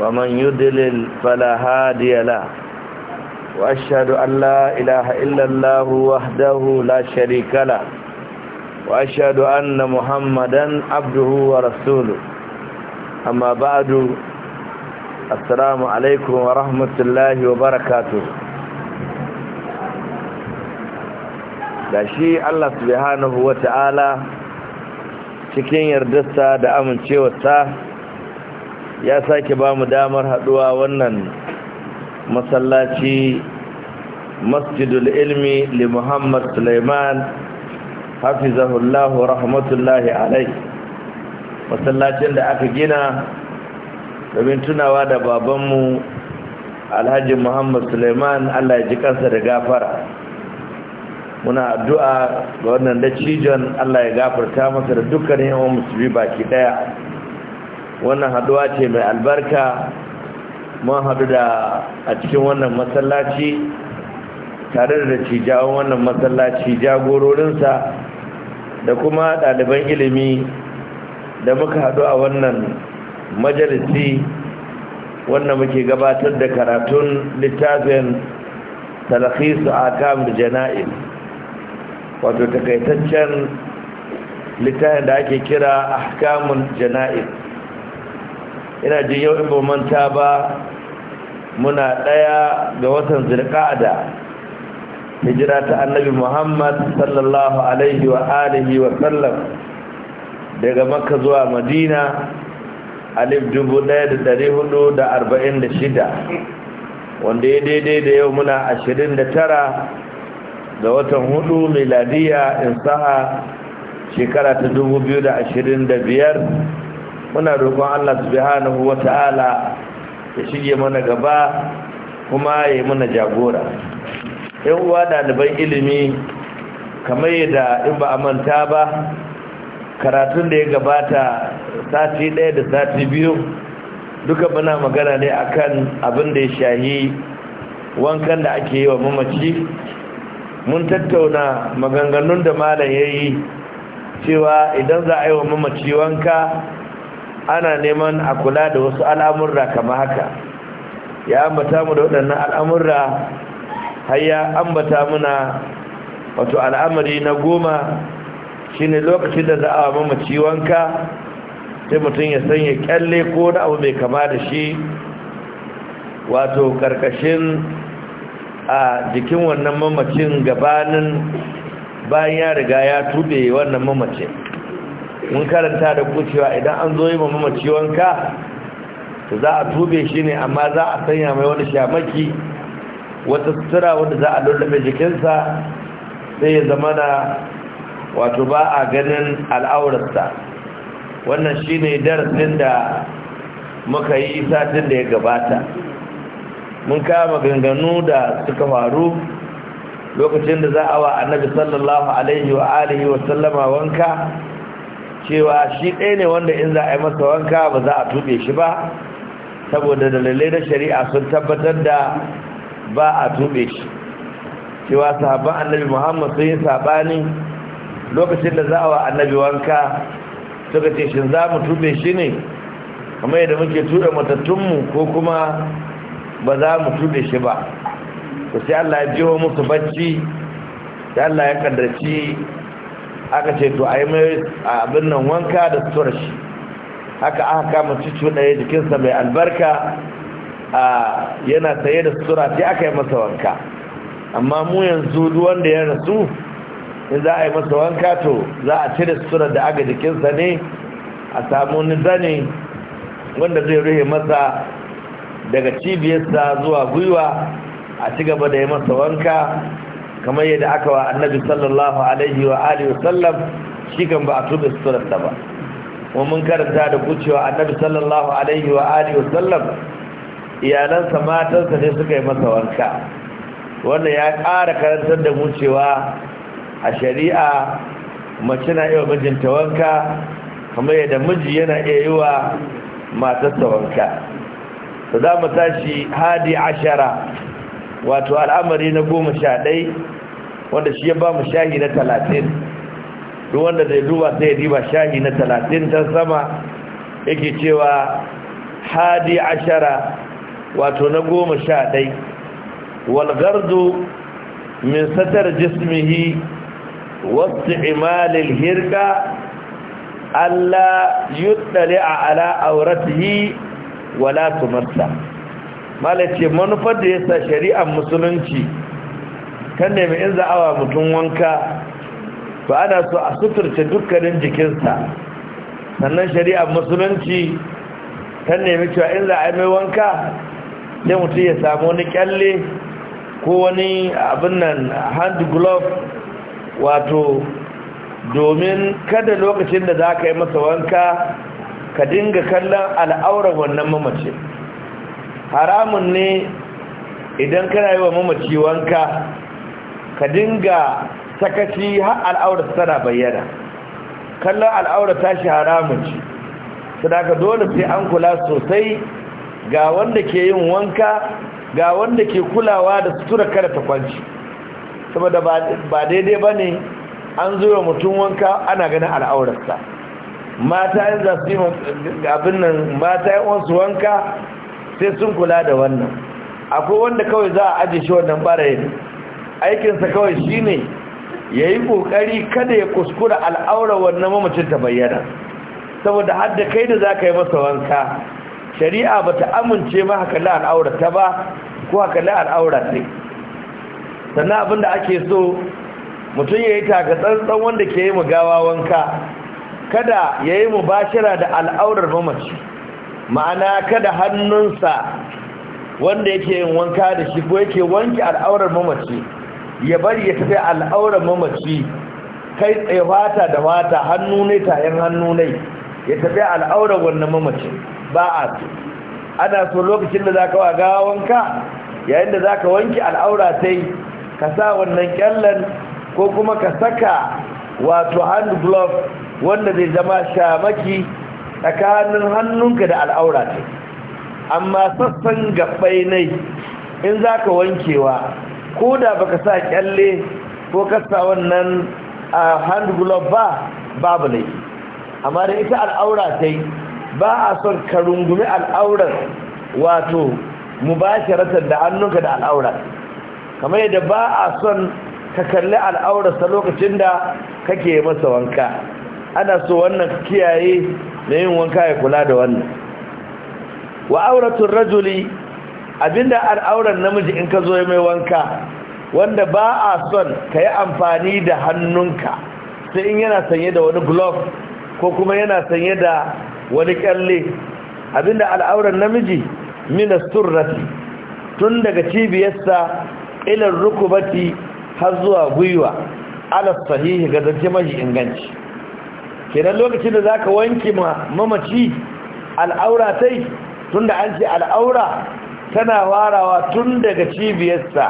ومن يدلل فلا هادي له وأشهد أن لا إله إلا الله وحده لا شريك له وأشهد أن محمدا عبده ورسوله أما بعد السلام عليكم ورحمة الله وبركاته da shi Allah subhanahu wa ta'ala cikin yardarsa da amincewarsa ya sake ba mu damar haduwa wannan masallaci masjidul ilmi li muhammad suleiman hafizahullahu rahmatullahi alai masallacin da aka gina domin tunawa da babanmu alhaji muhammad suleiman allah ya ji kansa da gafara muna addu'a ga wannan da cijon Allah ya gafarta masa da dukkanin yawan musulmi baki daya wannan haduwa ce mai albarka mun haɗu da a cikin wannan masallaci tare da cijawan wannan masallaci jagororinsa da kuma ɗaliban ilimi da muka hadu a wannan majalisi wannan muke gabatar da karatun littafin talakisu a da jana'in wato takaitaccen littafin da ake kira ahkamun jana'in ina jin yau in ba manta ba muna ɗaya ga watan zirƙada hijira ta annabi muhammad sallallahu alaihi wa alihi wa sallam daga makka zuwa madina alif dubu ɗaya da ɗari hudu da arba'in da shida wanda ya daidai da yau muna ashirin da tara ga watan hudu miladiya in saha shekara ta dubu biyu da ashirin da biyar muna roƙon Allah subhanahu ta'ala ya shige mana gaba kuma ya yi mana jagora yan uwa ɗaliban ilimi kamar yadda in ba a manta ba karatun da ya gabata sati ɗaya da sati biyu duka muna magana ne akan abin da ya shahi wankan da ake yi wa mamaci mun tattauna maganganun da malam ya yi cewa idan za a yi wa mamaci wanka ana neman a kula da wasu al'amurra kama haka ya ambata mu da waɗannan al'amurra har ya ambata muna wato al'amari na goma shine lokacin da za a mamaci wanka sai mutum ya sanya kyalle ko na abu mai kama da shi wato ƙarƙashin a jikin wannan mamacin gabanin bayan ya riga ya tuɓe wannan mamacin mun karanta da ku cewa idan an zo yi ma mamaci wanka to za a tube shi ne amma za a sanya mai wani shamaki wata sutura wanda za a lullube jikinsa sai ya zama da wato ba a ganin al'aurarsa wannan shi ne darasin da muka yi satin da ya gabata mun kama ganganu da suka faru lokacin da za a wa annabi sallallahu alaihi wa alihi wa sallama wanka cewa shi ɗaya ne wanda in za a yi masa wanka ba za a tuɓe shi ba saboda dalilai na shari'a sun tabbatar da ba a tuɓe shi cewa sahabban annabi muhammad sun yi saɓani lokacin da za a wa annabi wanka suka ce shi za mu tuɓe shi ne Kamar yadda muke tuɓe matattunmu ko kuma ba za mu tuɓe shi ba to sai allah ya jiho musu bacci sai allah ya kaddaci aka ce to a yi mai abin nan wanka da sutura shi haka aka kama cicu ɗaya jikinsa mai albarka a yana saye da sutura sai aka yi masa wanka amma mu yanzu duk wanda ya rasu in za a yi masa wanka to za a cire sutura da aga jikinsa ne a samu wani zane wanda zai rufe masa daga cibiyarsa zuwa gwiwa a ci gaba da yi masa wanka kamar yadda aka wa annabi sallallahu alaihi wa alihi wa sallam shi kan ba a tuba surar da ba kuma mun karanta da kucewa annabi sallallahu alaihi wa alihi wa sallam iyalansa matansa ne suka yi masa wanka wannan ya ƙara karantar da mu cewa a shari'a mace na iya mijinta wanka kamar yadda miji yana iya yi wa matarsa wanka to za mu tashi hadi ashara wato al'amari na goma sha ɗai wanda shi ya ba mu shahi na talatin duk wanda zai duba sai riba shahi na talatin ta sama yake cewa hadi ashara wato na goma sha ɗai walgardu min satar jismihi wasu imalil hirga Allah yuttali a ala auratihi wala tumarta. malace manufar da ya sa shari'ar musulunci kan nemi in za'awa mutum wanka to ana so a suturce dukkanin jikinsa sannan shari'ar musulunci kan nemi cewa in za a yi mai wanka sai mutum ya samu wani kyalle ko wani abin nan hand glove wato domin kada lokacin da za ka yi masa wanka ka dinga kallon al'aurar wannan mamacin haramun ne idan kana yi wa mamaci wanka ka dinga sakaci har al'aura tana bayyana kallon al'aura tashi haramun ce sadaka dole sai an kula sosai ga wanda ke yin wanka ga wanda ke kulawa da sutura kada ta kwanci saboda ba daidai ba ne an zo wa mutum wanka ana ganin al'aurarsa mata yin za su yi abin nan mata yin wasu wanka sai sun kula da wannan akwai wanda kawai za a aje shi wannan barayin aikinsa kawai shine ya yi ƙoƙari kada ya kuskura al'aura wannan mamacin ta bayyana saboda hadda kai da za ka yi masa wanka shari'a ba ta amince ma haka la al'aura ta ba ko haka la al'aura ne sannan abinda ake so mutum ya yi taka tsantsan wanda ke yi mu gawa wanka kada ya yi mu bashira da al'aurar mamaci ma'ana kada hannunsa wanda yake yin wanka da shi ko yake wanke al'aurar mamaci ya bari ya tafi al'aurar mamaci kai tsaye wata da wata hannu ne tayin hannu ne ya tafi al'aurar wannan mamaci ba a so ana so lokacin da za ka waga wanka yayin da za ka wanke al'aura sai ka sa wannan kyallan ko kuma ka saka wato hand glove wanda zai zama shamaki tsakanin hannunka da al'aura ce amma sassan gabbai nai in za ka wankewa ko da baka sa kyalle ko kasa wannan hand glove ba babu ne amma da ita al'aura ta yi ba a son ka rungumi al'aurar wato mubasharatar da hannunka da al'aura kamar yadda ba a son ka kalli al'aurarsa lokacin da kake masa wanka ana so wannan kiyaye da yin wanka ya kula da wannan wa auratun rajuli abinda al'auran namiji in ka zo mai wanka wanda ba a son ka yi amfani da hannunka sai in yana sanye da wani glove ko kuma yana sanye da wani kyalle abinda al'auran namiji mina tun daga cibiyarsa ilar rukubati har zuwa gwiwa ala sahihi ga zance mashi inganci kenan lokacin da za ka wanke mamaci al'aura tai tunda an ce al'aura tana warawa tun daga cibiyarsa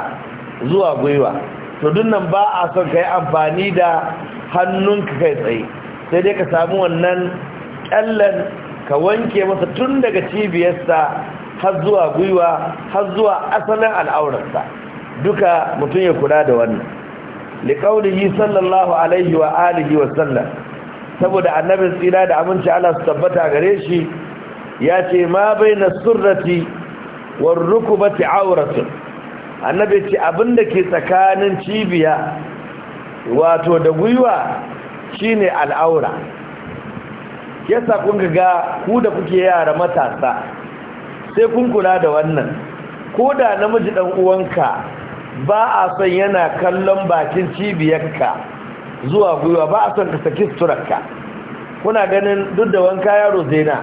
zuwa gwiwa to dunnan ba a son yi amfani da hannunka kai tsaye sai dai ka samu wannan kyallan ka wanke masa tun daga cibiyarsa har zuwa gwiwa har zuwa asalin al'aurarsa duka mutum ya kula da wannan liƙaunihi sallallahu alaihi wa alihi wa sallam saboda annabin tsira da aminci Allah su tabbata gare shi ya ce ma bai na surrati wa rukubati auratun annabi ce abinda ke tsakanin cibiya wato da gwiwa shine al'aura yasa kun ga ku da kuke yara matasa sai kun kula da wannan ko da namiji dan uwanka ba a son yana kallon bakin cibiyarka zuwa gwiwa ba a son ka saki suturarka kuna ganin duk da wanka yaro na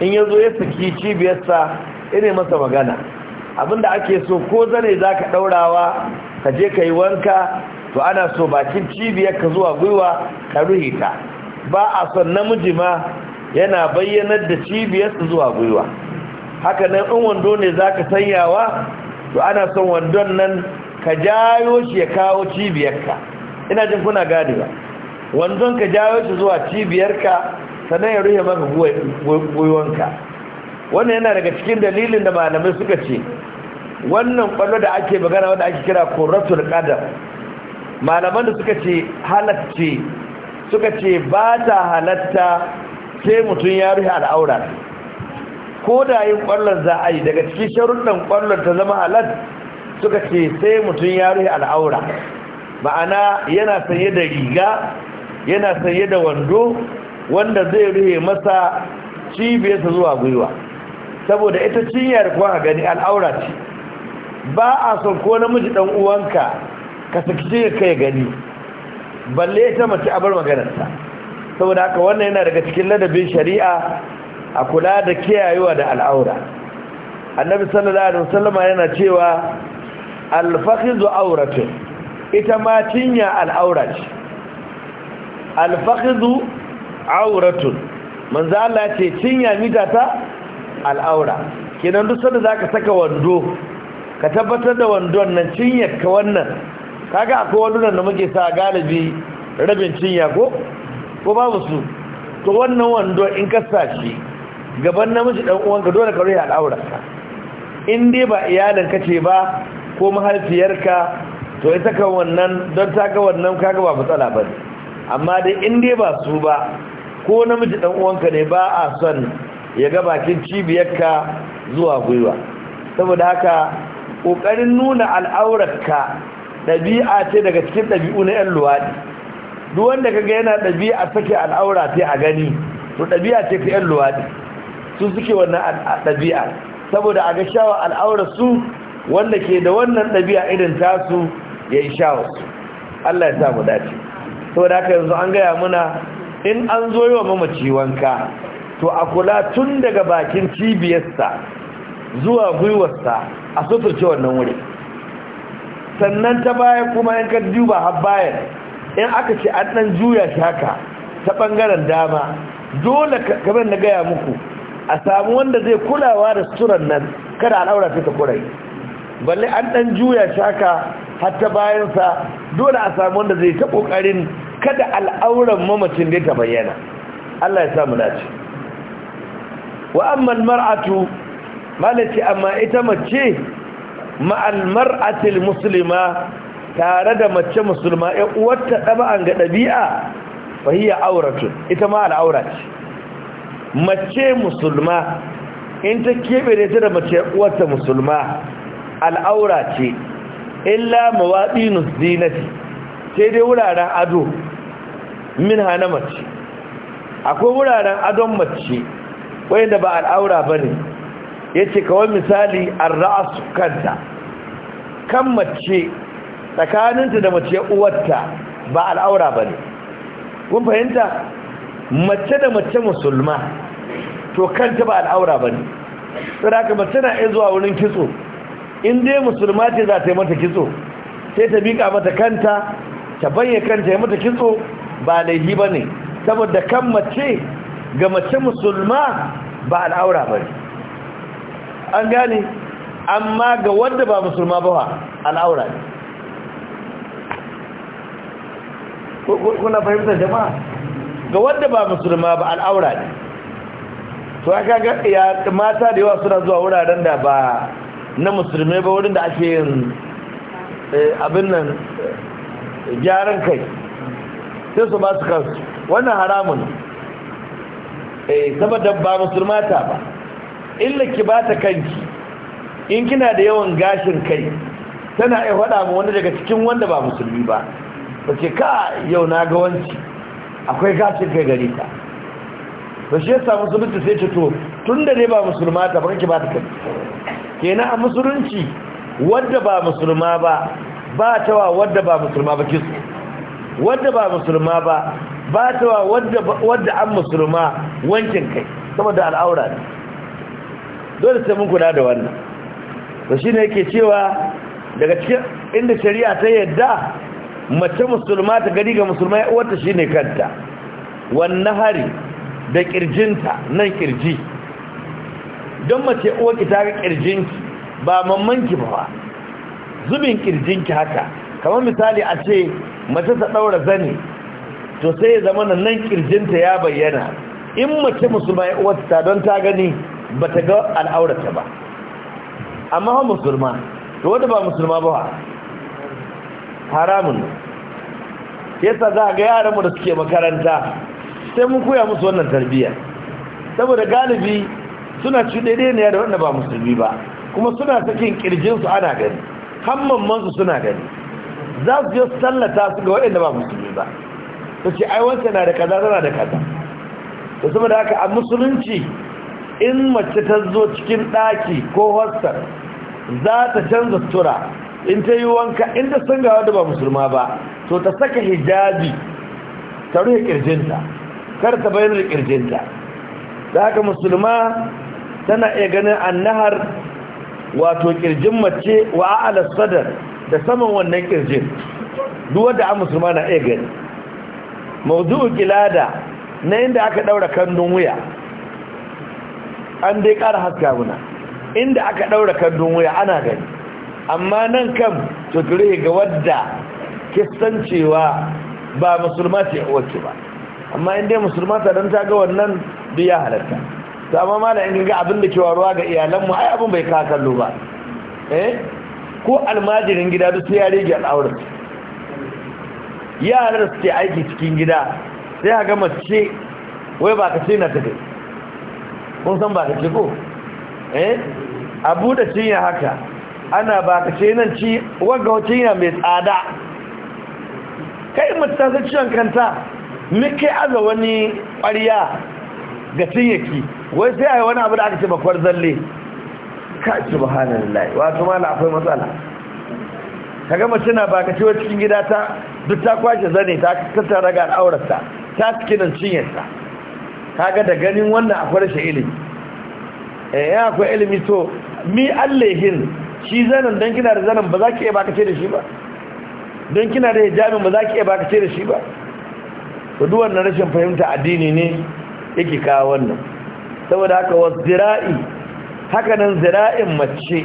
in ya zo ya saki cibiyarsa ne masa magana abinda ake so ko zane za ka ɗaurawa ka je ka yi wanka to ana so bakin cibiyarka zuwa gwiwa ka ruhita ta ba a son namiji ma yana bayyanar da cibiyarsa zuwa gwiwa haka nan in wando ne za ka sanyawa to ana son wandon nan ka jayo shi ya kawo cibiyarka ina jin kuna gadi ba wandon ka jawo shi zuwa cibiyarka sannan ya ruhe maka gwiwanka wannan yana daga cikin dalilin da malamai suka ce wannan kwallo da ake magana wanda ake kira korratul qadar malaman da suka ce halarta suka ce ba ta halatta sai mutum ya rufe al'aura ko da yin kwallon za a yi daga cikin sharuɗin kwallon ta zama halatta suka ce sai mutum ya ruhe al'aura ma'ana yana sanye da riga yana sanye da wando wanda zai rufe masa cibiyarsa zuwa gwiwa saboda ita cinyar kuwa a gani al'aura ce ba a son ko namiji dan uwanka ka saki cinyar kai gani balle ta mace a bar maganarta saboda haka wannan yana daga cikin ladabin shari'a a kula da kiyayewa da al'aura annabi sallallahu alaihi wasallama yana cewa al-fakhizu auratun ita ma cinya al'aura ce alfakhidhu auratun manzo Allah ce cinya mita ta al'aura kenan duk sanda zaka saka wando ka tabbatar da wandon nan cinyar ka wannan kaga akwai wandunan da muke sa galibi rabin cinya ko ko babu su to wannan wando in ka sa shi gaban namiji dan uwanka dole ka rufe al'aurarka in dai ba iyalin ka ce ba ko mahaifiyarka to ita kan wannan don ta ga wannan kaga ba matsala ba ne amma dai in dai ba su ba ko namiji dan uwanka ne ba a son ya ga bakin cibiyarka zuwa gwiwa saboda haka kokarin nuna al'aurarka ɗabi'a ce daga cikin ɗabi'u na 'yan luwaɗi duk wanda kaga yana dabi'a sake al'aura ce a gani to ɗabi'a ce ta 'yan luwaɗi su suke wannan ɗabi'a saboda a ga shawa al'aurarsu wanda ke da wannan ɗabi'a irin tasu ya yi sha wasu Allah ya sa mu dace saboda haka yanzu an gaya muna in an zo yi wa mamaci wanka to a kula tun daga bakin cibiyarsa zuwa gwiwarsa a suturce wannan wuri sannan ta baya kuma yan ka duba har bayan in aka ce an ɗan juya shi haka ta ɓangaren dama dole kamar na gaya muku a samu wanda zai kulawa da suturan nan kada al'aura sai ta kurai balle an dan juya shi haka hatta bayansa dole a samu wanda zai ta kokarin kada al'auran mamacin da ta bayyana Allah ya samu dace wa amma almar'atu malati amma ita mace ma'al mar'atil muslima tare da mace musulma ya uwarta ɗaba'an ga ɗabi'a fa hiya auratun ita ma al'aura ce mace musulma in ta kebe da ita da mace uwarta musulma al'aura ce illa mawaɗinus zinati sai dai wuraren ado min hana mace akwai wuraren adon mace wanda ba al'aura ba ne ya ce kawai misali an su kanta kan mace tsakaninta da mace uwarta ba al'aura ba ne kun fahimta mace da mace musulma to kanta ba al'aura ba ne tsiraka mace na iya zuwa wurin kitso in dai musulma ce za ta yi mata kitso sai ta bika mata kanta ta banye kanta ya mata kitso ba laihi ba ne saboda kan mace ga mace musulma ba al'aura ba an gane amma ga wanda ba musulma ba al'aura ne kuna fahimtar jama'a ga wanda ba musulma ba al'aura ne to aka ga mata da yawa suna zuwa wuraren da ba na musulmi ba wurin da ake yin eh, abin nan gyaran kai sai su ba su kansu wannan haramun eh, saboda ba musulmata ba illa ki ba ta kanki in kina da yawan gashin kai tana iya faɗa ma wani daga cikin wanda ba musulmi ba ba ce ka yau na ga wanci akwai gashin kai gari ta ba shi yasa musulunci sai ce to tun da ne ba musulmata ba kake ba ta kanki kenan a musulunci wadda ba musulma ba ba tawa wadda ba musulma ba kisu wadda ba musulma ba ba tawa wadda wadda an musulma wankin kai saboda al'aura ne dole sai mun kula da wannan to shine yake cewa daga cikin inda shari'a ta yadda mace musulma ta gari ga musulma ya uwarta shine kanta wannan hari da kirjinta nan kirji don mace uwarki ta ga kirjinki ba mammanki ba zubin kirjinki haka kamar misali a ce mace ta ɗaura zane to sai ya zama nan kirjinta ya bayyana in mace musulma ya ta don ta gani ba ta ga al'aurata ba amma ha musulma to wanda ba musulma ba haramun yasa za ga yaran mu da suke makaranta sai mun koya musu wannan tarbiyya saboda galibi suna cuɗaɗe ne da wanda ba musulmi ba kuma suna sakin kirjinsu ana gani hammammansu suna gani za su yi sallata su ga waɗanda ba musulmi ba su ce ai wancan na da kaza tana da kaza da saboda haka a musulunci in mace ta zo cikin ɗaki ko hostel za ta canza sutura in ta yi wanka in ta san ga wanda ba musulma ba to ta saka hijabi ta rufe kirjinta kar ta bayyana kirjinta da haka musulma tana iya ganin annahar wato kirjin mace wa sadar da saman wannan kirjin duk wanda a musulma na iya gani mawdu'u kilada na inda aka daura kandun wuya an dai ƙara haska muna inda aka daura kandun wuya ana gani amma nan kam to ga wadda kistancewa ba musulma ce wacce ba amma inda musulma ta dan ta ga wannan du ya halatta ma mana in ga abin da ke waruwa ga iyalanmu ai abin bai ka kallo ba eh ko almajirin gida duk sai ya rage al'aurar yaran suke aiki cikin gida sai ga mace wai ba ka ce na ta kai kun san ba ka ce ko eh a buɗe cinya haka ana ba ka ce nan ci wagga wacce yana mai tsada kai mace ta san ciwon kanta ni kai aza wani ƙwarya ga cinyaki wai sai a yi wani abu da aka ce bakwar zalle ka ci lai wato ma na akwai matsala ka gama suna ba ka ciwo cikin gida ta duk ta kwashe zane ta kanta raga al'aurarta ta cikinan cinyarta ga da ganin wannan akwai rashin ilimi E, eh, ya akwai ilimi to mi allahin shi zanen don kina da zanen ba za ki iya baka ce da shi ba don kina da hijabin ba za ki iya baka ce da shi ba to duk rashin fahimta addini ne yake kawo wannan saboda haka wa zira'i haka nan zira'in mace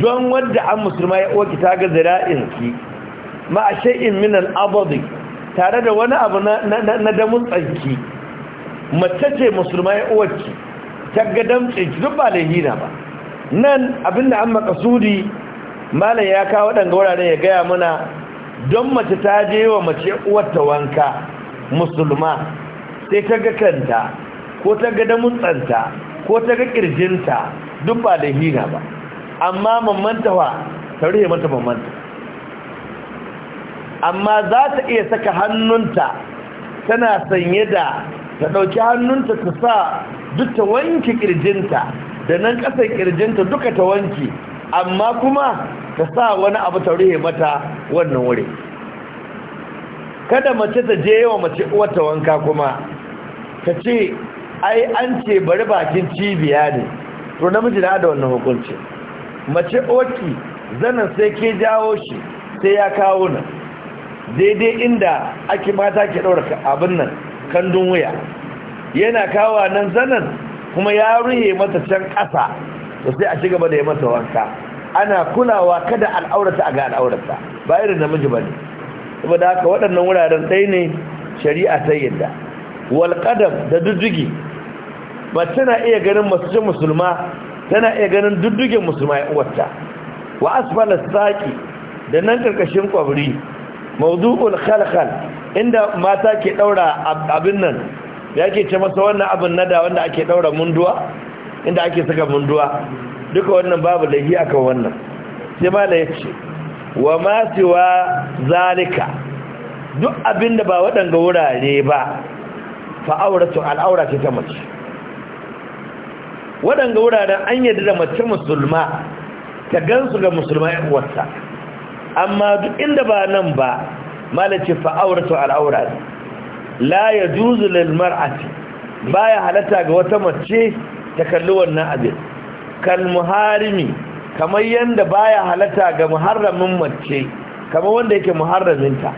don wadda an musulma ya oki ta ga zira'in ki ma a shay'in min al-abadi tare da wani abu na damun tsanki mace ce musulma ya oki ta ga damce duk ba da hina ba nan abinda an makasudi malam ya kawo waɗanda wurare ya gaya mana don mace ta je wa mace uwarta wanka musulma sai ta ga kanta ko ta ga damutsanta ko ta ga kirjinta duk ba da hina ba amma mamanta ta rufe mata mamanta amma za ta iya saka hannunta tana sanye da ta ɗauki hannunta ta sa duk ta wanke kirjinta da nan ƙasar kirjinta duka ta wanke amma kuma ta sa wani abu ta rufe mata wannan wuri kada mace ta je yawa mace wata wanka kuma ta ce ai an ce bari bakin cibiya ne to namiji na da wannan hukunci mace oki zanen sai ke jawo shi sai ya kawo nan daidai inda ake mata ke ɗaura abin nan kandun wuya yana kawo nan zanen kuma ya ruhe mata can ƙasa to sai a ci gaba da ya mata wanka ana kulawa kada al'aurata a ga al'aurata ba irin namiji ba ne saboda haka waɗannan wuraren ɗaya ne shari'a ta yadda walƙadam da dujjugi ba tana iya ganin masujin musulma tana iya ganin duddugen musulma ya uwata wa asfala saki da nan karkashin kwabri mawdu'ul khalkhal inda mata ke daura abin nan yake ce masa wannan abin nada wanda ake daura munduwa inda ake saka munduwa duka wannan babu lahi akan wannan sai mala yace wa ma siwa zalika duk abin da ba wadanga wurare ba fa auratu al'aura aurati ta mace waɗanda wuraren an yadda da mace musulma ta gansu ga musulma ya uwarsa amma duk inda ba nan ba malace fa'auratu al'aura la yajuzu lil mar'ati baya halatta ga wata mace ta kalli wannan abin kal muharimi kamar yanda baya halatta ga muharramin mace kamar wanda yake muharraminta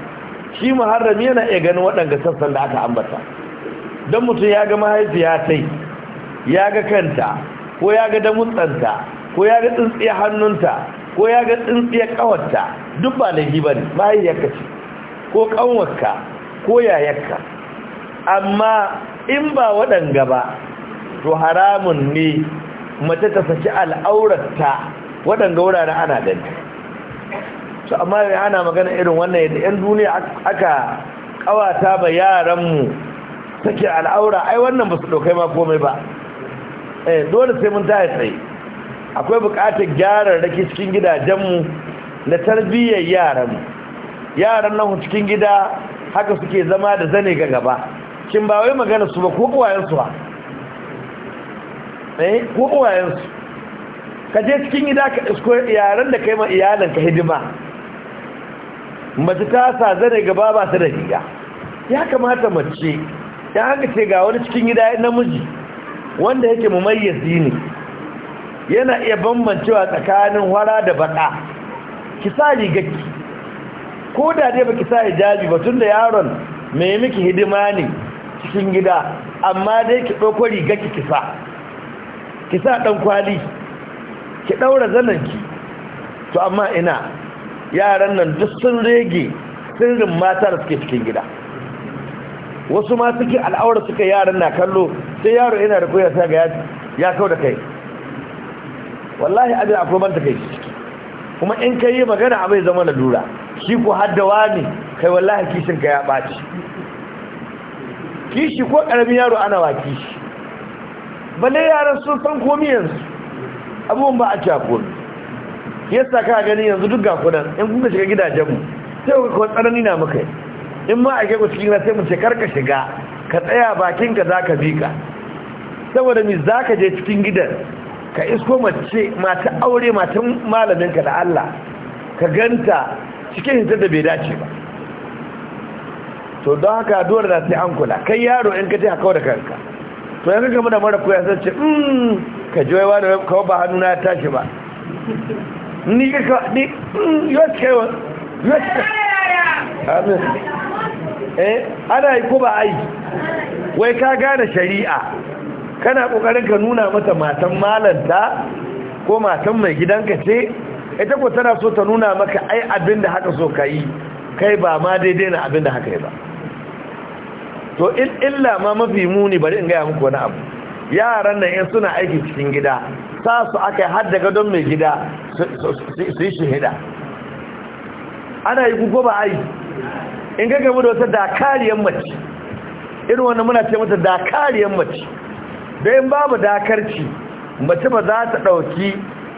shi muharrami yana iya ganin waɗanda sassan da aka ambata don mutum ya ga mahaifiya ta yi ya ga kanta ko ya ga damutsanta ko ya ga tsintsiyar hannunta ko ya ga tsintsiyar kawarta duk ba laifi ba ne yaka ce ko kanwarka ko yayarka amma in ba waɗanga ba to haramun ne mace ta saki al'aurarta waɗanga wurare ana ganta su amma ya ana magana irin wannan yadda 'yan duniya aka kawata ba yaranmu take al'aura ai wannan ba su ɗaukai ma komai ba eh dole sai mun taya tsaye akwai buƙatar gyara raki cikin gidajenmu na tarbiyyar yaranmu yaran nan cikin gida haka suke zama da zane ga gaba kin ba wai magana su ba ko su ba eh ko su ka je cikin gida ka isko yaran da kai ma iyalan ka hidima mace ta sa zane gaba ba ta da riga ya kamata mace ya haka ce ga wani cikin gida namiji wanda yake mumayyazi ne yana iya bambancewa tsakanin wara da baka ki sa ko da dai baki sa hijabi ba tunda yaron mai miki hidima ne cikin gida amma dai ki ɗauko rigaki ki kisa, ki sa ɗan kwali ki ɗaura zananki to amma ina yaran nan duk sun rege sirrin mata da suke cikin gida wasu ma suke al'aura suka yaran na kallo sai yaro yana da koyar sa ga ya kau da kai wallahi abin akwai ban ta kai kuma in kai yi magana a bai zama na lura shi ko haddawa ne kai wallahi kishin ka ya ɓaci kishi ko ƙaramin yaro ana wa kishi balle yaran sun san komi yanzu abubuwan ba a cakon yasa ka gani yanzu duk ga kunan in kuka shiga gidajenmu sai ku kawai tsanani na muka yi in ma a ku cikin sai mu ce karka shiga ka tsaya bakin ka zaka bi ka saboda mi zaka je cikin gidan ka isko mace mata aure matan malamin ka da Allah ka ganta cikin hinta da bai dace ba to don haka dole na sai an kula kai yaro in ka je haka da kanka to yanzu kamar da mara koya sai ce mm ka ji wa da kawo ba hannu na ya tashi ba ni ka ni mm, yo ce kai wa amin eh ana yi ko ba ai wai ka gane shari'a kana kokarin ka nuna mata matan malanta ko matan mai gidanka ce ita ko tana so ta nuna maka ai abinda haka so ka kai ba ma daidai na abinda haka yi ba to illa ma mafi muni bari in gaya muku wani abu yaran nan in suna aiki cikin gida sa su aka hadda har daga don mai gida su yi shahida ana yi gugu ba aiki in ga gamu da wata dakariyar mace irin wannan muna ce mata dakariyar mace da in babu dakarci mace ba za ta ɗauki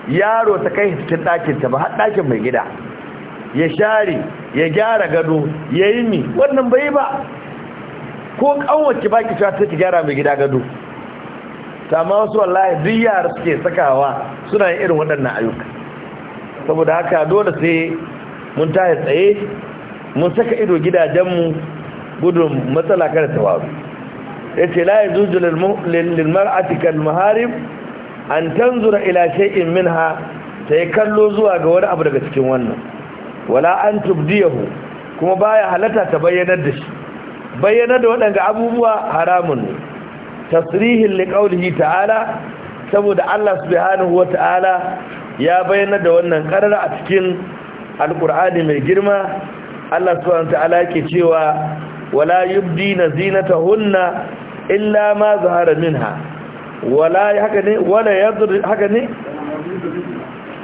yaro ta kai cikin ɗakinta ba har ɗakin mai gida ya share ya gyara gado ya yi mi wannan bai ba ko ƙanwace ba ki cewa ki gyara mai gida gado ta wasu wallahi duk yara suke sakawa suna yin irin waɗannan ayyuka saboda haka dole sai mun tahi tsaye mun saka ido gidajen mu gudun matsala kada ta waru ya ce la ya zuzu lilmar atikal maharib an tanzura ila shay'in minha ta yi kallo zuwa ga wani abu daga cikin wannan wala an tubdiyahu kuma baya halatta ta bayyanar da shi bayyanar da waɗanda abubuwa haramun ne tasrihin liƙaulihi ta'ala saboda Allah subhanahu wa ta'ala ya bayyana da wannan ƙarar a cikin alƙur'ani mai girma Allah subhanahu ta'ala yake cewa wala yubdina zinatahunna illa ma zahara minha wala haka ne wala yadri haka ne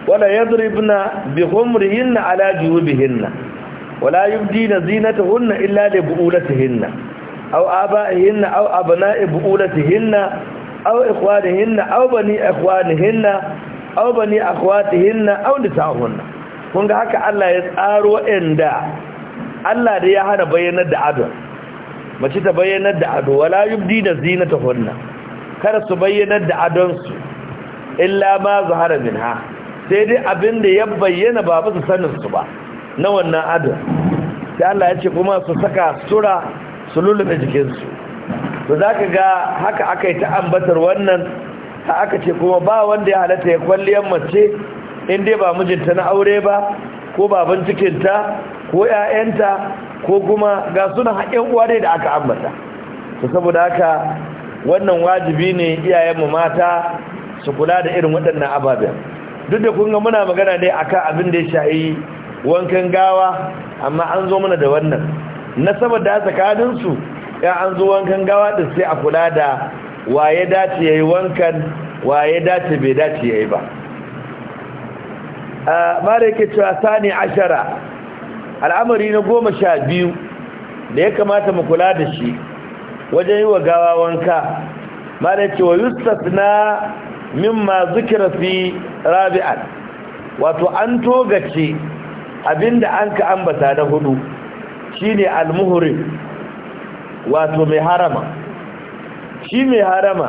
wala yadribna bi khumrihinna ala jubihinna wala yubdina zinatahunna illa li buulatihinna aw abaihinna aw abna'i buulatihinna aw ikhwanihinna aw bani ikhwanihinna aw bani akhwatihinna aw nisahunna kun ga haka Allah ya tsaro wa'anda Allah dai ya hana bayyanar da ado mace ta bayyanar da ado wala zina ta hunna kada su bayyanar da adon su illa ma zahara minha sai dai abin da ya bayyana ba ba su sanin su ba na wannan ado sai Allah ya ce kuma su saka sura su lulluɓe jikinsu to za ka ga haka aka yi ta ambatar wannan ta aka ce kuma ba wanda ya halatta ya kwalliyar mace in dai ba mijinta na aure ba ko baban cikinta ko 'ya'yanta ko kuma ga suna haƙƙin uwa ne da aka ambata to saboda haka wannan wajibi ne iyayen mu mata su kula da irin waɗannan ababen duk da kun muna magana dai akan abin da ya sha'i wankan gawa amma an zo mana da wannan na saboda tsakanin su ya an zo wankan gawa da sai a kula da waye dace yayi wankan waye dace bai dace yayi ba mara yake cewa sani ashara al'amari na goma sha biyu da ya kamata mu kula da shi wajen yi wa gawa wanka mara yake wa na mimma zukira fi rabi'an wato an togace abinda an ka ambata na hudu shine almuhurin wato mai harama shi mai harama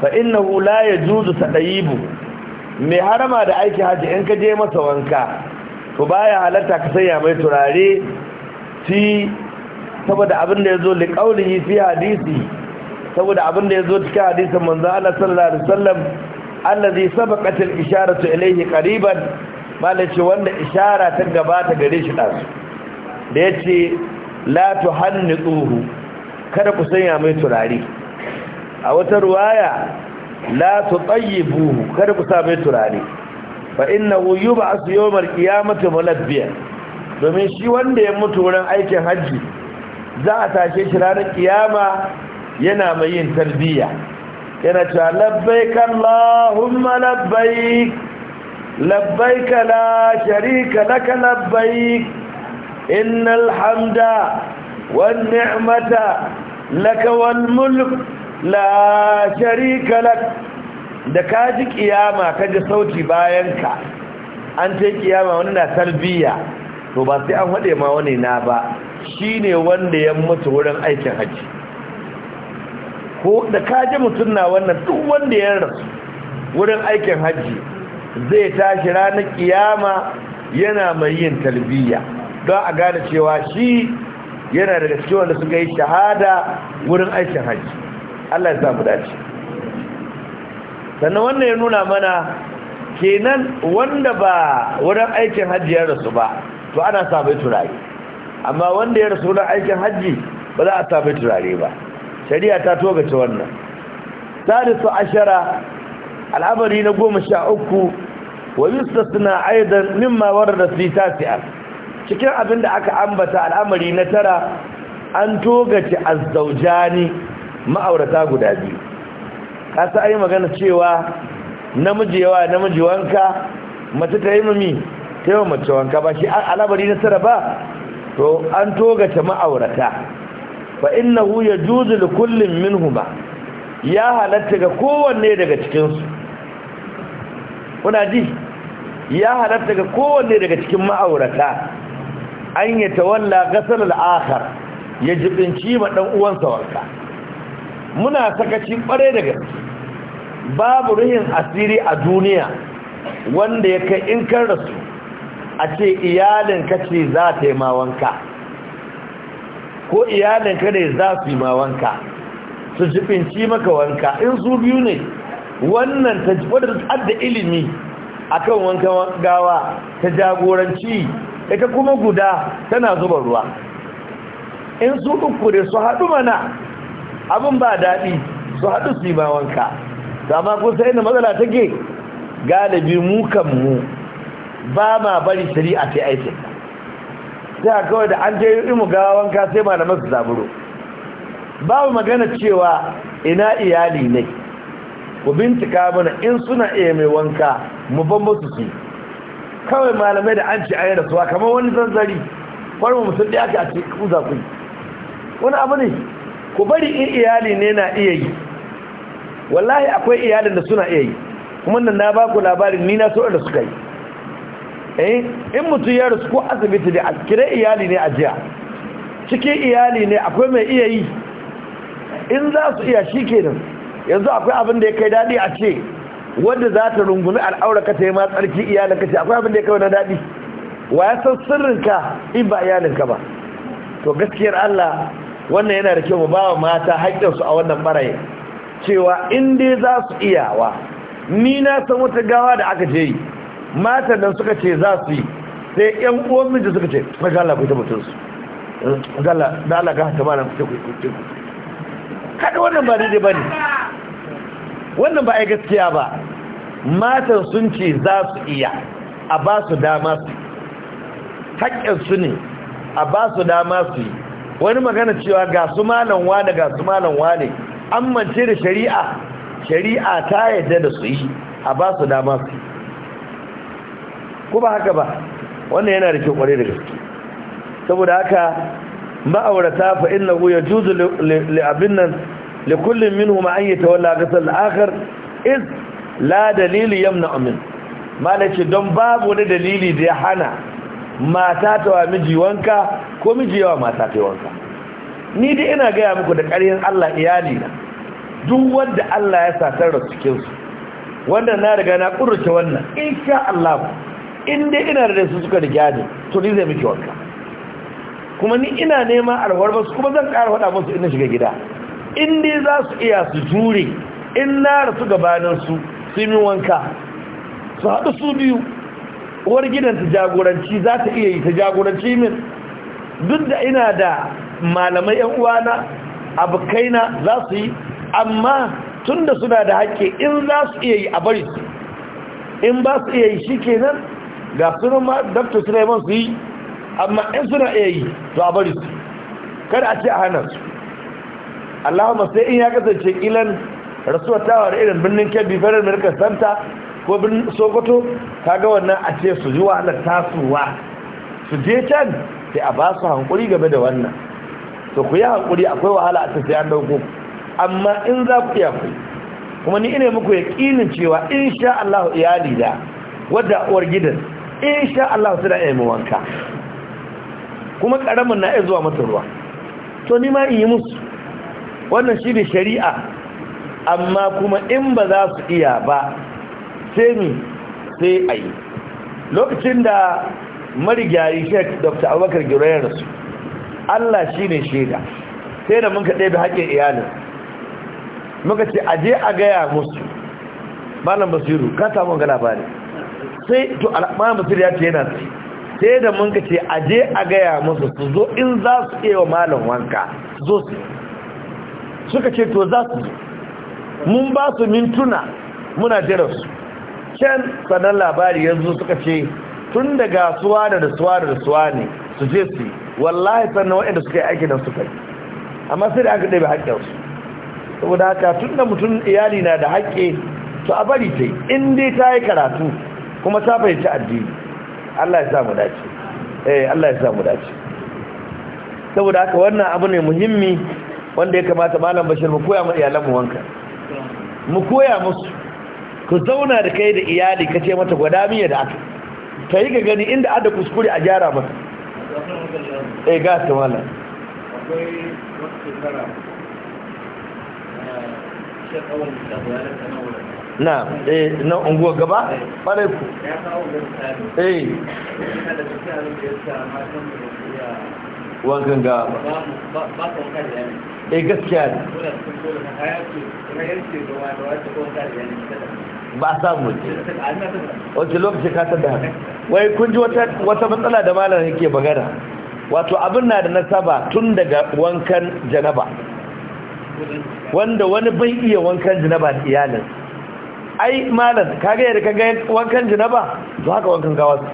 fa ya juzu sadayi tadayibu mai harama da aiki hajji in ka je masa wanka to baya halatta ka sanya mai turare fi saboda abin da ya zo liƙaunihi fi hadisi saboda abin da ya zo cikin hadisin manzo Allah sallallahu alaihi wasallam allazi sabaqatil isharatu ilayhi qariban malaci wanda ishara ta gabata gare shi su, da yace la tuhannituhu kada ku sanya mai turare a wata ruwaya la buhu kada ku sa ba turare fa innahu yub'asu yawmal qiyamati mulabbiyan domin shi wanda ya mutu wurin aikin hajji za a tashe shi ranar kiyama yana mai yin tarbiyya yana cewa labbaik allahumma labbaik labbaik la sharika laka labbaik innal hamda wan ni'mata laka wal mulk la sharika lak da kaji ji kiyama ka ji sauti bayan ka an ce kiyama wani na salbiya to ba sai an haɗe ma wani na ba shine wanda ya mutu wurin aikin haji ko da ka ji mutum na wannan duk wanda ya rasu wurin aikin haji zai tashi ranar kiyama yana mai yin talbiya don a gane cewa shi yana daga cikin wanda suka yi shahada wurin aikin haji Allah ya samu dace sannan wannan ya nuna mana kenan wanda ba wurin aikin hajji ya rasu ba to ana sabai turare amma wanda ya rasu wurin aikin hajji ba za a sabai turare ba shari'a ta togace wannan sadisu ashara al'amari na goma sha uku wa yustasna aidan mimma da fi tasi'a cikin abin da aka ambata al'amari na tara an togace azzaujani ma'aurata guda biyu kasa ai magana cewa namiji yawa namiji wanka mace ta yi mami ta yi mace wanka ba shi alabari na tara ba to an togace ma'aurata fa innahu yajuzu li kullin minhuma ya halatta ga kowanne daga cikinsu kuna ji ya halatta ga kowanne daga cikin ma'aurata an yi tawalla gasar al'akar ya jibinci ma ɗan uwansa wanka muna sakaci kware da babu ruhin asiri a duniya wanda ya kai in kan rasu a ce iyalin ka ce za ta yi mawanka ko iyalin ka ne za su yi mawanka su jibinci maka wanka in su biyu ne wannan ta wadda ta da ilimi akan wankan gawa ta jagoranci ita kuma guda tana zuba ruwa in su ukure su haɗu mana abin ba daɗi su haɗu su yi ba wanka amma kun sai da matsala take galibi mu kan mu ba ma bari a ta aikin sai kawai da an je yi mu gawa wanka sai da su zaburo babu magana cewa ina iyali ne ku bincika mana in suna iya mai wanka mu ban musu su kawai malamai da an ce an yi rasuwa kamar wani zanzari farin musulmi aka a cikin kuza wani abu ne ku bari in iyali ne na iya yi wallahi akwai iyalin da suna iya yi kuma nan na ku labarin ni na so da suka yi eh, in mutum ya rasu ko asibiti da akire iyali ne a jiya cikin iyali ne akwai mai iya yi in za su iya shi kenan yanzu akwai abin da ya kai daɗi a ce wanda za ta rungumi al'aura ka ta yi ma tsarki iyalin ka ce akwai abin da ya kai wani daɗi wa ya san sirrinka in ba iyalinka ba to gaskiyar Allah wannan yana da kyau mu ba wa mata haƙƙinsu a wannan barayi cewa in dai za su iyawa ni na san wata gawa da aka je yi matan nan suka ce za su yi sai yan uwan miji suka ce maka Allah ku ta mutunsu ga Allah da Allah ka ta ku ku ku kada wannan ba daidai bane wannan ba ai gaskiya ba matan sun ce za su iya a ba su dama su haƙƙinsu ne a ba su dama su yi wani magana cewa ga su malam wane ga su malam wane an mance da shari'a shari'a ta yadda da su yi a ba su dama su Ku ba haka ba wannan yana da kyau kwarai da gaske saboda haka ma'aurata fa ya yajuzu li abin nan li kullin minhum an ga ghasal akhar iz la dalili yamna amin, malaci don babu wani dalili da ya hana mata ta wa miji wanka ko miji yawa mata ta yawansa ni dai ina gaya muku da ƙaryar Allah iyali na duk wanda Allah ya satar da cikin su wannan na riga na kurruce wannan insha Allah in dai ina da su suka riga ni to ni zai miki wanka kuma ni ina neman ba su kuma zan ƙara faɗa musu ina shiga gida in dai za su iya su jure in na rasu gabanin su su yi wanka su haɗu su biyu uwar gidan ta jagoranci za ta iya yi ta jagoranci min duk da ina da malamai yan uwana abokaina za su yi amma tunda suna da haƙƙi in za su iya yi a bari su. in ba su iya yi shi kenan, ga sunan ma dr suleiman su yi amma in suna iya yi to a bari su kada a ce a hana su allahumma sai in ya kasance kilan rasuwar tawa da irin birnin kebbi federal medical santa ko birnin sokoto kaga wannan a ce su yi wa tasowa su je can sai a ba su hankuri game da wannan to ku yi hankuri akwai wahala a tafiya an dauko amma in za ku iya ku kuma ni ina muku yaƙinin cewa insha Allah iyali da wadda uwar gidan insha Allah suna iya mu wanka kuma karamin na iya zuwa mata ruwa to ni ma in yi musu wannan shi ne shari'a amma kuma in ba za su iya ba sai mi sai a yi lokacin da marigayi sheik dr abubakar girayen rasu allah shi ne shaida sai da muka ɗaya da haƙƙin iyalin muka ce aje a gaya musu malam basiru ka samu ga labari sai to malam basiru ya ce yana sai sai da muka ce aje a gaya musu su zo in za su iya wa malam wanka zo su suka ce to za su mun ba su mintuna muna jiransu can sanar labari yanzu suka ce tun da gasuwa da rasuwa da rasuwa ne su je su wallahi sannan waɗanda suka yi aiki da suka yi amma sai da aka ɗaya haƙƙinsu saboda haka tun da mutum iyali na da haƙƙe to a bari ta yi in dai ta yi karatu kuma ta fahimci addini Allah ya samu dace eh Allah ya samu dace saboda haka wannan abu ne muhimmi wanda ya kamata malam bashir mu koya mu iyalanmu wanka mu koya musu ku zauna da kai da iyali kace mata gwada miya da aka ka yi ga gani inda ada kuskure a gyara masa E, eh, ga ta wala akwai wata shekara eh, shekawar da bayanin sana'urar na eh na unguwa gaba bare ku eh wankan ga eh, gaskiya ne ba a samu wace lokaci ka ta da wai kun ji wata matsala da malar yake magana wato abin na da nasaba tun daga wankan janaba wanda wani bai iya wankan janaba da iyalin ai malar kaga yadda kaga wankan janaba to haka wankan gawa su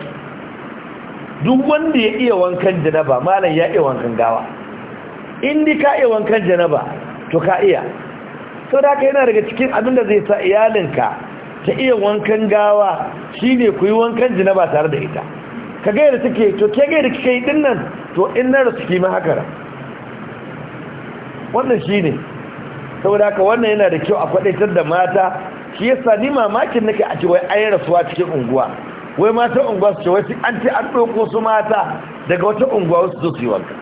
duk wanda ya iya wankan janaba malar ya iya wankan gawa indi ka iya wankan janaba to ka iya sau da haka yana daga cikin abin da zai sa iyalinka ta iya wankan gawa shine ku yi wankan jina ba tare da ita ka gaira take to ke gaira kike yi dinnan to in na rasu kima haka wannan shine saboda haka wannan yana da kyau a kwadaitar da mata shi yasa ni mamakin nake a ce wai an rasuwa cikin unguwa wai mata unguwa su ce wai an ce an ɗauko su mata daga wata unguwa wasu zo su yi wanka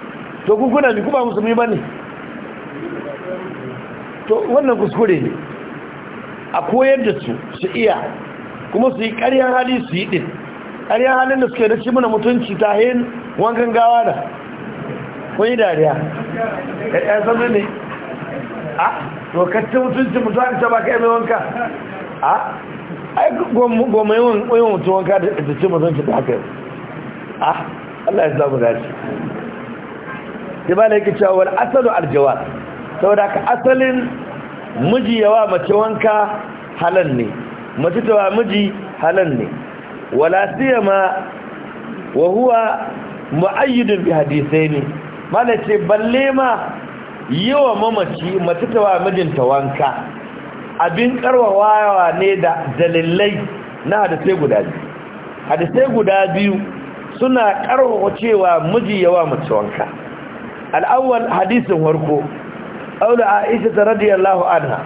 to kukuna ni kuma musulmi ba ne to wannan kuskure ne a koyar da su su iya kuma su yi ƙaryar hali su yi ɗin ƙaryar halin da suke da ci mana mutunci ta hin wankan gawa da kun yi dariya ya ɗaya zama ne a lokacin mutunci mutu an taba ka yi wanka a ai goma yi mutu wanka da ci mutunci ta haka a Allah ya zama dace ya ba da yake cewa wani asalin aljawar saboda ka asalin miji yawa mace wanka halal ne mace tawa miji halal ne wala siyama wa huwa muayyid bi hadithaini ce balle ma yawa mamaci mace tawa mijinta wanka abin karwawa ne da dalilai na hadisai guda biyu hadisai guda biyu suna karwawa cewa miji yawa mace wanka al'awwal hadisin farko. qaulu aisha ta radiyallahu anha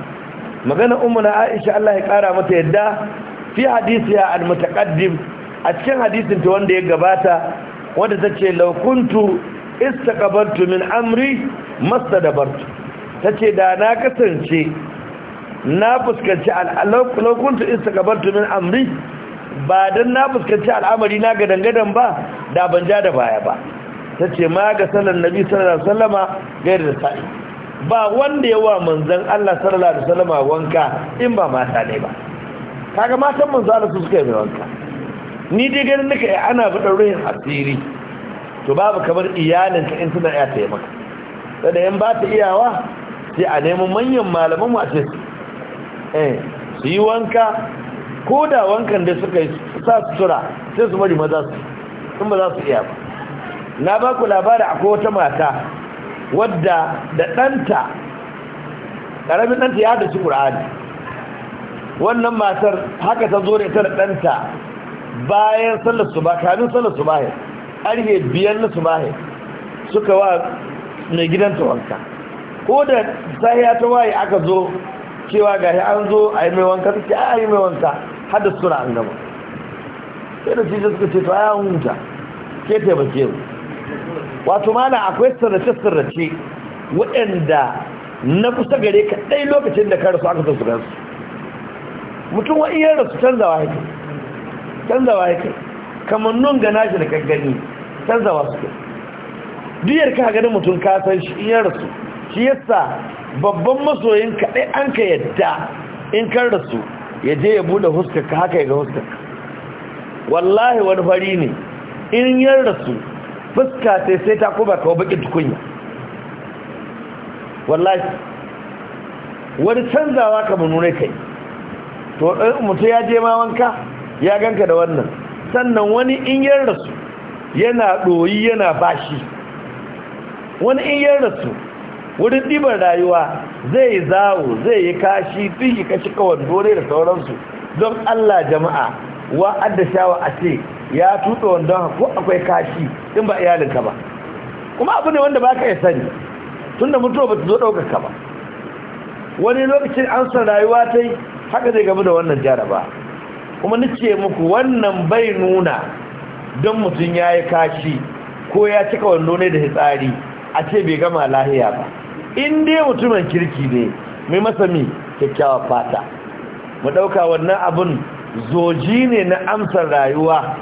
magana ummuna aisha Allah ya kara mata yadda fi hadisi ya al a cikin hadisin ta wanda ya gabata wanda tace law kuntu istaqabaltu min amri ta tace da na kasance na fuskanci law kuntu istaqabaltu min amri ba dan na fuskanci al'amari na ga dangadan ba da banja da baya ba tace ma ga sallan nabi sallallahu alaihi wasallama gairar sa'i ba wanda ya wa manzan Allah sallallahu alaihi wasallam wanka in ba mata ne ba kaga matan manzo Allah su suka yi wanka ni dai ganin nika ana fadar ruhin asiri to babu kamar iyalinka in suna iya taya maka sai da yan ba ta iyawa sai a neman manyan malaman mu a ce eh su yi wanka ko da wankan da suka yi sa tura sai su bari maza su in ba za su iya ba na ba ku labari akwai wata mata wadda da ɗanta ƙaramin ɗanta ya da shi ƙur'ani wannan matar haka ta zo da ita da ɗanta bayan sallar su ba kamin sallar su bahe ƙarfe biyan na su bahe suka wa mai gidanta wanka ko da yi ta waye aka zo cewa gashi an zo a yi mai wanka suke a yi mai wanka har suna an gama sai da shi suka ce to a yawon huta ke taimake mu wato mana akwai sirrace-sirrace waɗanda na kusa gare ka ɗai lokacin da karasu aka san su gansu mutum wa iya rasu canzawa yake canzawa yake kamar nun gana shi da ka gani su suke duyar ka gani mutum ka san shi iya rasu shi yasa babban masoyin ka ɗai an ka yadda in kan rasu ya je ya buɗe huskar ka haka ya ga huskar wallahi wani fari ne in yar rasu fuska ta sai ta kuma wa bakin tukunya wallahi wani canzawa ka nuna kai to mutu ya je ma wanka ya ganka da wannan sannan wani in yan rasu yana ɗoyi yana bashi wani in yan rasu wani ɗibar rayuwa zai zawo zai yi kashi tuyi kashi kawai dore da sauransu don allah jama'a wa shawa a ya tutsa wanda ko akwai kashi in ba iyalinka ba kuma abu ne wanda baka ka sani tunda mutuwa ba ta zo ɗaukaka ba wani lokacin an san rayuwa ta yi haka zai gamu da wannan jaraba kuma ni ce muku wannan bai nuna don mutum ya yi kashi ko ya cika wando ne da hitsari a ce bai gama lahiya ba in dai mutumin kirki ne mai masami kyakkyawa fata mu ɗauka wannan abun zoji ne na amsar rayuwa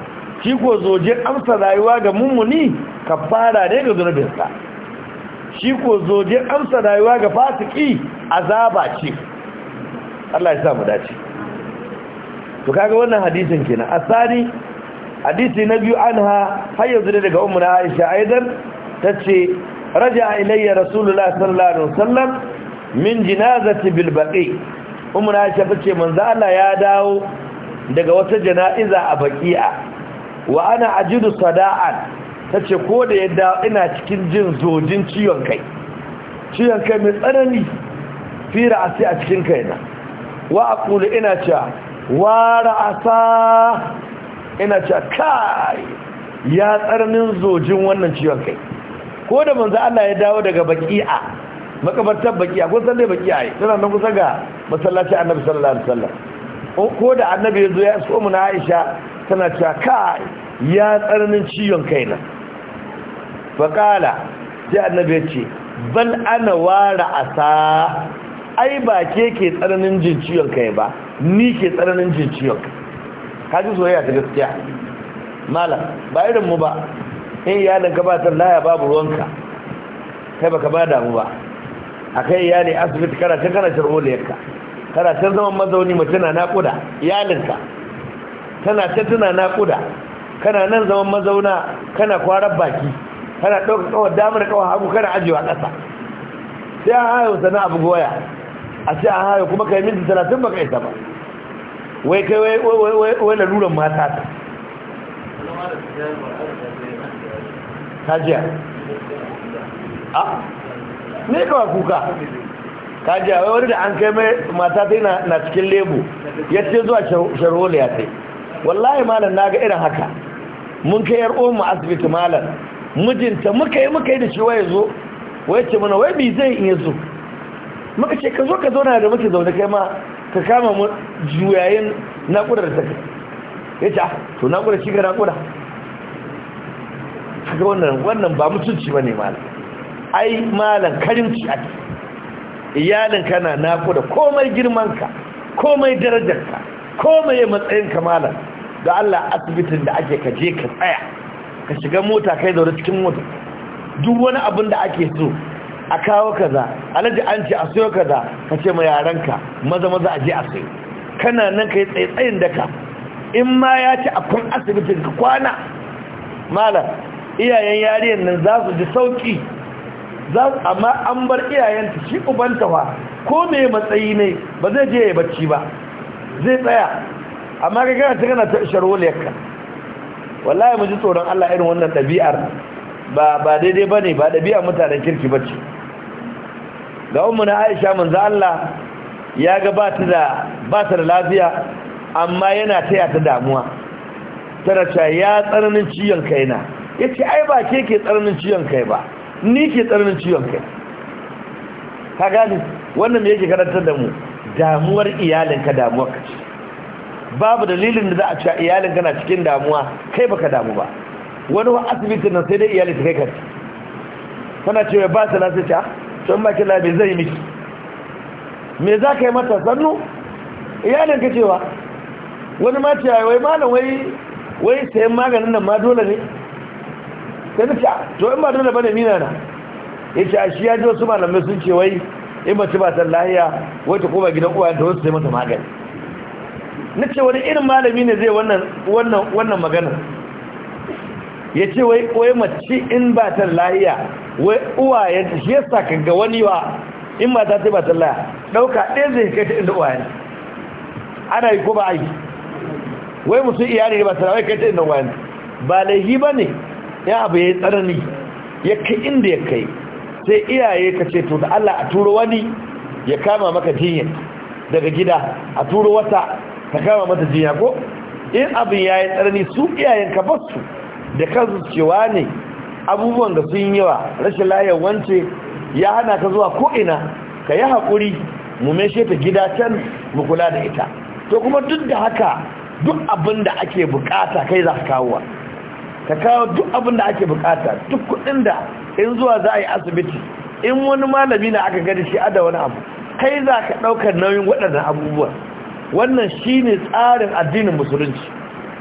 shi ko zoje amsa rayuwa ga mummuni kafara ne ga zunubinsa shi ko zoje amsa rayuwa ga fasiki azaba ce Allah ya sa mu dace to kaga wannan hadisin kenan Asari hadisi na biyu anha har yanzu daga ummu Aisha aidan tace raja ilayya rasulullah sallallahu alaihi wasallam min jinazati bil baqi ummu Aisha tace manzo Allah ya dawo daga wata jana'iza a baqi'a wa ana ajidu sada'an tace ko da yadda ina cikin jin zojin ciwon kai ciwon kai mai tsanani fi ra'asi a cikin kaina wa aqulu ina cewa wa ra'asa ina cewa kai ya tsarnin zojin wannan ciwon kai ko da manzo Allah ya dawo daga baki'a makabartar baki'a ko sallai baki'a yi tana nan kusa ga masallaci annabi sallallahu alaihi wasallam ko da annabi ya zo ya so mu na Aisha tana cewa kai ya tsananin ciwon kaina faƙala sai annabi ya ce ban ana wara asa ai ba ke ke tsananin jin ciwon kai ba ni ke tsananin jin ciwon kai kaji soyayya ta gaskiya malam ba irin mu ba in yalin ka ba ta laya babu ruwanka kai baka ba damu ba a kai iyali asibiti kana can kana karatun da yanka kana zaman mazauni mace na naƙuda iyalinka tana ta tuna naƙuda kana nan zaman mazauna kana kwarar baki kana ɗauka kawar damar kawar hagu kana a ƙasa sai an hayo sana abu goya a sai an hayo kuma kai minti talatin baka isa ba wai kai wai laluran mata ta kajiya a ne kawai kuka kajiya wai wani da an kai mai mata ta na cikin lebo ya ce zuwa sharholi ya sai wallahi malam naga irin haka mun kai yar mu asibiti malam mijinta muka yi muka yi da shi waye zo waye ce mana wai bi zai iya zo muka ce ka zo ka zauna da muke zaune kai ma ka kama mu juyayin naƙuda da saka ya ce ah, to naƙuda shi ga naƙuda ga wannan wannan ba mutunci ba ne malam ai malam karimci a iyalin kana naƙuda komai girmanka komai darajarka ko mai matsayin kamala da Allah asibitin da ake kaje ka tsaya ka shiga mota kai da cikin mota duk wani abin da ake so a kawo kaza alaji an ce a soyo kaza ka ce ma yaranka maza maza a je a soyo kana nan kai tsaitsayin ka, in ma ya ci a kun asibitin ka kwana malam iyayen yariyan nan za su ji sauki amma an bar iyayenta shi ubanta ko mai matsayi ne ba zai je ya barci ba zai tsaya amma ka gana ta gana ta sharoliyarka wallahi mu ji tsoron Allah irin wannan ɗabi'ar ba ba daidai ba ne ba ɗabi'ar mutanen kirki ba ce ga umu na aisha mun za Allah ya ga ba ta da ba ta da lafiya amma yana taya ta damuwa da ta ya tsananin ciwon kai na ce ai ba ke ke tsananin ciwon kai ba ni ke tsananin ciwon kai ka gani wannan da yake karantar da mu damuwar iyalinka damuwar ka ce babu dalilin da za a cewa iyalinka na cikin damuwa kai baka damu ba wani wa asibitin nan sai dai iyalin ta kai ka ce tana cewa ba ta lafi ta ah, to in baki labe zai miki me za ka yi mata sannu ka cewa wani ma cewa wai malam wai wai sayan maganin nan ma dole ne sai ta ah, to in ba dole bane mina na ya ce a ah, shi ya ji wasu malamai sun ce wai in mace ba ta lahiya wai ta koma gidan uwa ta wasu sai mata magani na ce wani irin malami ne zai wannan wannan wannan magana ya ce wai wai mace in ba ta lahiya wai uwa ya shi yasa ka ga wani wa in mata ta ba ta lahiya dauka ɗaya zai kai ta inda uwayen ana yi ko ba ai wai musu iyali ne ba ta wai kai ta inda uwayen ba lahi ba ne ya abu ya yi tsanani ya kai inda ya kai sai iyaye ka ce to da Allah a turo wani ya kama maka jinya daga gida a turo wata ka kama mata jinya ko in abin yayi tsarni su iyayen ka basu da kansu cewa ne abubuwan da sun yawa rashin layar wance ya hana ka zuwa ko'ina ina ka yi haƙuri mu meshe ta gida can mu kula da ita to kuma duk da haka duk abin da ake bukata kai za ka kawo ka kawo duk abin da ake bukata duk kudin da in zuwa za a yi asibiti in wani malami na aka gani shi ada wani abu kai za ka ɗaukar nauyin waɗannan abubuwa wannan shi ne tsarin addinin musulunci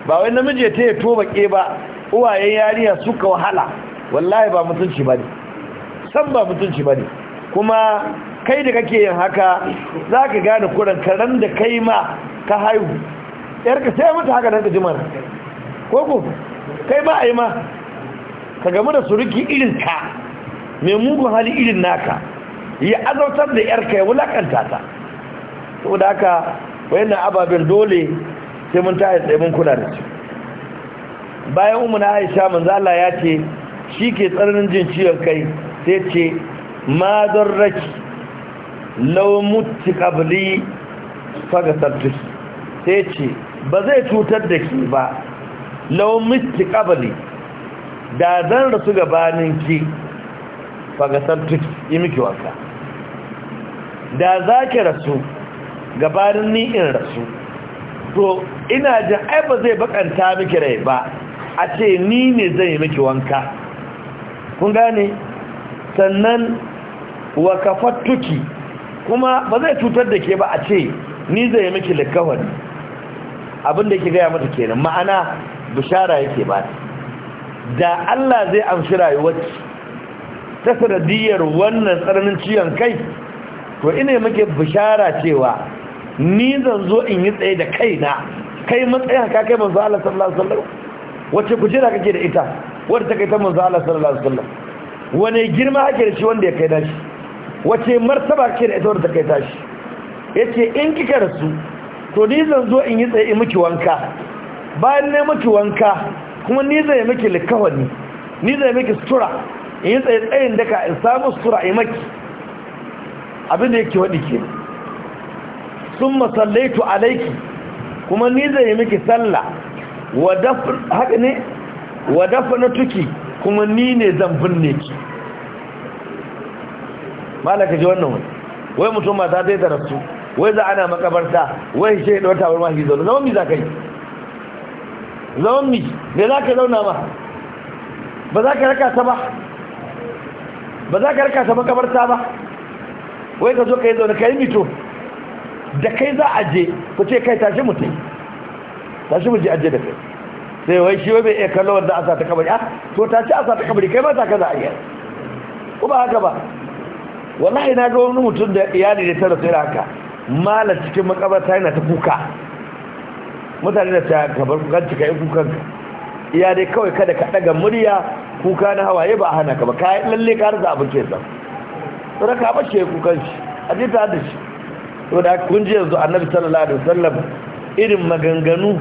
ba wai namiji ya yi to baƙe ba uwayen yariya suka wahala wallahi ba mutunci ba ne san ba mutunci ba ne kuma kai da kake yin haka za ka gane kuran karen da kai ma ka haihu yarka sai mutu haka nan ka ji ko kuma. kai ba a yi ma ka gamu da suruki irin ta mai mugun hali irin naka ya azautar da yarka ya wulakanta ta da haka wayannan ababen dole sai mun tayar tsaye kula da su bayan umu na aisha manzala ya ce shi ke tsarin jin ciwon kai sai ce ma don raki laumuti kabili fagasartus sai ce ba zai cutar da ki ba Laumin mitti qabli da zan rasu gabanin ki fagasartif yi miki wanka da za ki rasu gabanin ni in rasu to ina jin ai ba zai bakanta miki rai ba a ce ni ne zai miki wanka kun gane sannan wa kafattuki kuma ba zai cutar da ke ba a ce ni zai miki likawar abinda ki gaya mata kenan ma'ana bishara yake ba da Allah zai amshi rayuwar ta sanadiyar wannan tsananin ciyan kai to ina muke bishara cewa ni zan zo in yi tsaye da kaina kai matsayin ka kai manzo Allah sallallahu alaihi wasallam wace kujera kake da ita wanda ta kai ta manzo Allah sallallahu alaihi wasallam wane girma kake da shi wanda ya kai da shi? wace martaba kake da ita wanda ta kai shi? yace in kika rasu to ni zan zo in yi tsaye in miki wanka bayan ne miki wanka kuma ni zai miki likawani ni zai miki sutura in yi tsaye tsayin daka in samu sutura a maki abinda yake waɗi ke sun masallaitu alaiki kuma ni zai miki sallah haka wadafa na tuki kuma ni ne zan binne ki malaka ji wannan wani wai mutum mata zai yi wai za ana makabarta wai shi da wata wurin mahi zaune zama mi za ka yi zaman miji da za ka zauna ba ba za ka raka ta ba ba za ka raka ta makabarta ba wai ka zo ka yi zaune ka yi mito da kai za a je ku ce kai tashi mutum tashi mutum aje da kai sai wai shi wai bai iya kallon wanda asa ta kabari A ah, to tashi asa ta kabari kai mata ta kaza a yi Ku ba haka ba wallahi na ga wani mutum da iyali da tara sai haka mala cikin makabarta yana ta kuka mutane da ta kabar kanci ka yi kukan iya dai kawai kada ka daga murya kuka na hawaye ba a hana ka ba ka yi lalle ka rasa abin ke san tsara ka bace ya kukan shi a je ta da shi to da kun ji yanzu annabi sallallahu alaihi wasallam irin maganganu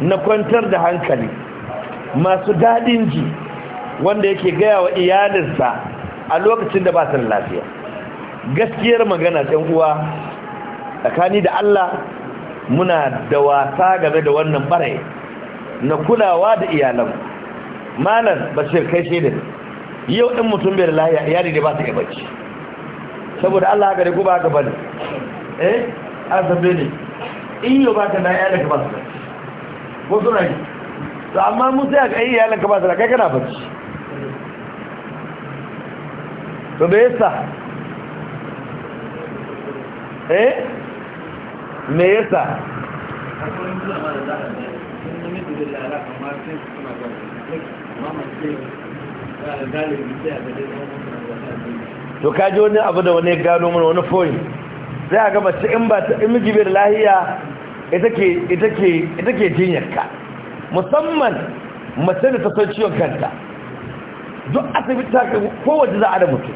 na kwantar da hankali masu daɗin ji wanda yake gaya wa iyalinsa a lokacin da ba su da lafiya gaskiyar magana ɗan uwa tsakani da Allah muna da wasa game da wannan barai na kulawa da iyalan malam bashir kai shi ne yau ɗin mutum bai da lahiya iyali ne ba su bacci saboda allah haka ne ko ba gaba ne eh an sabbe ne in yau ba ka na iyalan ka ba su ko suna yi to amma mun sai aka yi eh, iyalan ka ba su kai kana bacci to bai yasa eh me yasa to kaji wani abu da wani gano mana wani foyi sai a gaba ta in ba ta imiji lahiya ita ke jinyarka musamman mace da ta son ciwon kanta duk asibiti ta kowace za a da mutu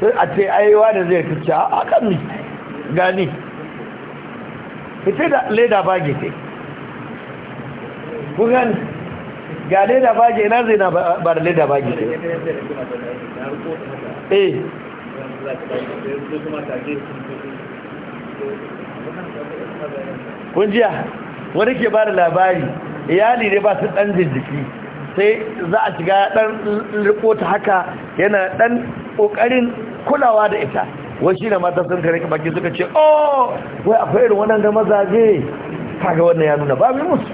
sai a ce aiwa da zai kacce a kan gani fice da leda bage ce gani ga leda bage na zai na ba da leda bage ce eh kunjiya wani ke ba da labari iyali ne ba su dan jijjiki sai za a shiga dan rikota haka yana dan kokarin kulawa da ita wasu da mata sun kare baki suka ce oh wai akwai irin wannan ga mazaje kaga wannan ya nuna babu musu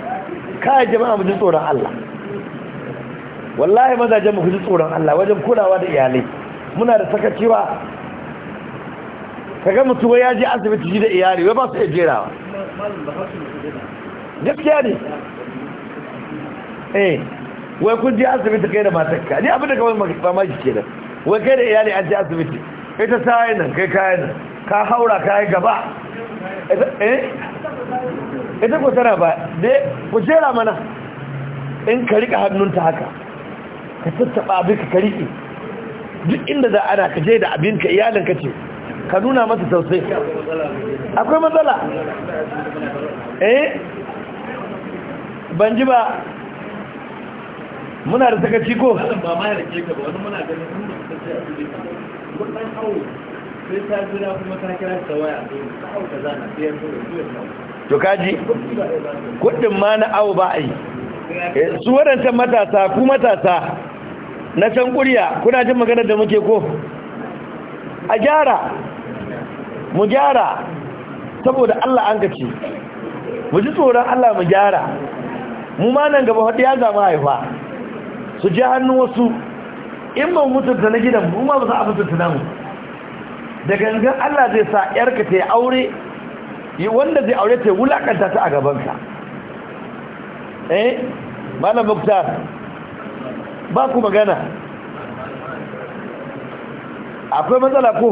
kai jama'a mu ji tsoron Allah wallahi mazajen mu ji tsoron Allah wajen kulawa da iyalai muna da sakacewa kaga mutum ya je asibiti shi da iyali wai ba su iya jerawa gaskiya ne eh wai kun je asibiti kai da matarka ni abin da ma mamaki kenan wai kai da iyali an je asibiti ita ta yi nan kai kayan nan ka haura yi gaba ita eh? ku tara ba dai ku jera mana in ka rika hannunta haka ka tattaba abinka ka riƙe duk inda za ana ka je da abinka iyalinka ce ka nuna masu tausayi akwai matsala eh ban ji ba muna da sakaci ko ba ma ya rike ka ba wani muna ganin kun dan sai ta jira kuma ta kira ta waya ta ta zana sai ya to kaji kudin ma na awu ba a yi eh, su waɗancan matasa ku matasa na can ƙuriya kuna jin maganar da muke ko a gyara mu gyara saboda Allah an gaci mu ji tsoron Allah mu gyara mu ma nan gaba haɗu ya zama haifa su ji hannu wasu in ba mutunta na gidan mu ma ba za a mutunta namu da gangan Allah zai sa yarka ta yi aure wanda zai aure ta wulakanta ta a gabanka eh malam muktar ba ku magana akwai matsala ko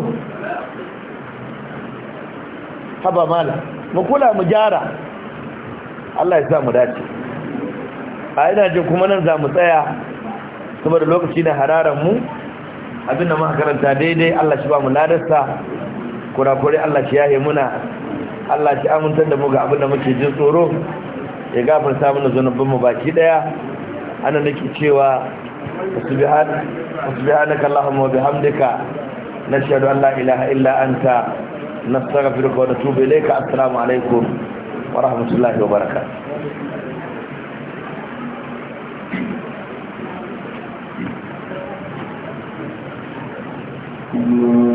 haba mala mu kula mu gyara Allah ya sa mu dace a ina jin kuma nan za mu tsaya kuma da lokaci na hararan mu abinda ma karanta daidai Allah shi ba mu ladarsa kurakure Allah shi yahe muna Allah shi amintar da mu ga abinda muke jin tsoro ya gafarta mana zanubin mu baki daya ana nake cewa subhanaka allahumma wa bihamdika nashhadu an la ilaha illa anta nastaghfiruka wa natubu ilayka assalamu alaikum wa rahmatullahi wa Thank you.